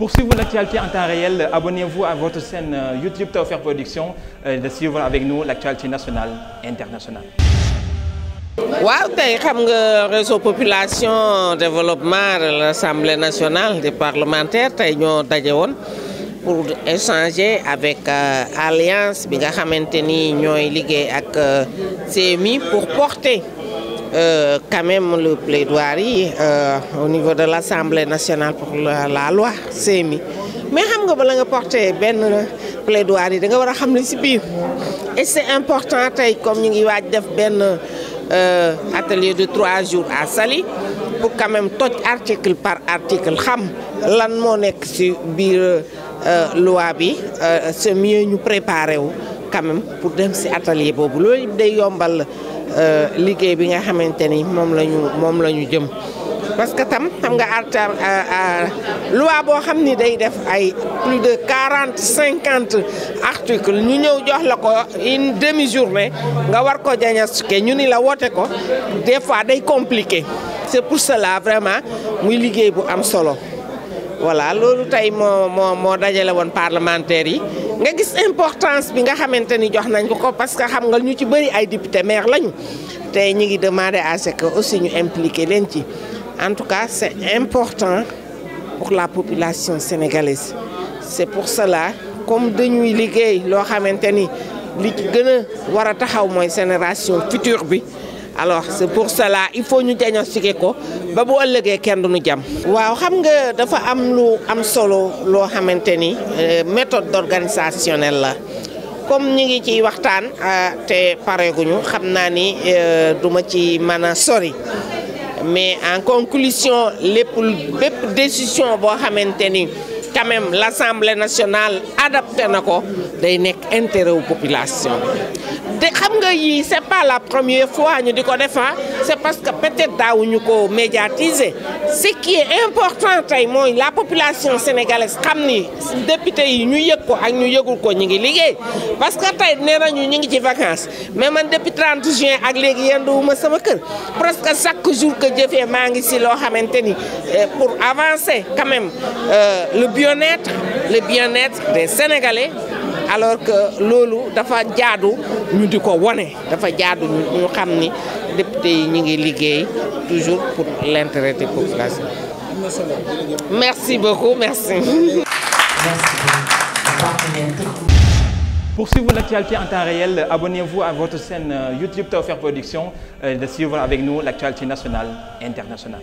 Pour suivre l'actualité en temps réel, abonnez-vous à votre chaîne euh, YouTube Tawfekh Production et euh, de suivre avec nous l'actualité nationale et internationale. waaw tey xam nga réseau population développement de l'Assemblée nationale des parlementaires tey ñoo daje woon pour échanger avec euh, alliance bi nga xamante ni ñooy liggéey ak CMI pour porter. euh, quand même le plaidoyer euh, au niveau de l'Assemblée nationale pour la, la loi CMI mais xam nga bala nga porté benn plaidoyer yi da nga war a xam li si biir et c'est important tey comme ñu ngi waaj def benn euh, atelier de trois jours à sali pour quand même toj article par article xam lan moo nekk si biir euh, loi bi c'est mieux ñu préparer wu quand pour dem si atelier boobu loolu day yombal. la Euh, liggéey bi nga xamante ni moom la ñu moom la ñu jëm parce que tam xam nga arta euh, euh, loi boo xam ni day def ay plus de quarante cinquante articles ñu ñëw jox la ko une demi journée nga war ko diagnostiquer ñu ni la woote ko des fois day compliqué c'est pour cela vraiment muy liggéey bu am solo voilà loolu tey moo moo moo dajale woon parlementaires yi nga gis importance bi nga xamante ni jox nañ ko ko parce que xam nga ñu ci bëri ay député maire lañu tey ñu ngi demandé à ce que aussi ñu impliqué leen ci en tout cas c'est important pour la population sénégalaise c'est pour cela comme dañuy liggéey loo xamante ni li ci gën a war a taxaw mooy génération future bi alors c'est pour cela il faut ñu diagnostiquer ko ba bu ëllëgee kenn du ñu jam. waaw xam nga dafa am lu am solo loo xamante ni euh, méthode organisationnelle la comme ñu ngi ciy waxtaan euh, te pareeguñu xam naa ni euh, duma ci mën a sori. mais en conclusion lépp bépp décision boo xamante ni quand même l'Assemblée nationale adapté na ko day nekk intérêt wu population yii c'est pas la premier fois ñu di ko def c'est parce que peut-être daawuñu ko médiatiser ce qui est important tey mooy la population sénégalaise xam ni député yi ñu yëg ko ak ñu yëgul ko ñu ngi liggéey parce que tey nee nañu ñu ngi ci vacances mais man depuis 30 juin ak léegi yenduwuma sama kër presque chaque jour que jëfee maa ngi si loo xamante ni eh, pour avancer quand même euh, le bien-être le bien-être des alors que loolu dafa jaadu ñu di ko wone dafa jaadu ñu xam ni député yi ñu ngi liggéey toujours pour l'intérêt des populations. merci beaucoup merci. Pour suivre l'actualité en temps réel, abonnez-vous à votre chaîne euh, YouTube Tawfekh Production euh, et de suivre avec nous l'actualité nationale et internationale.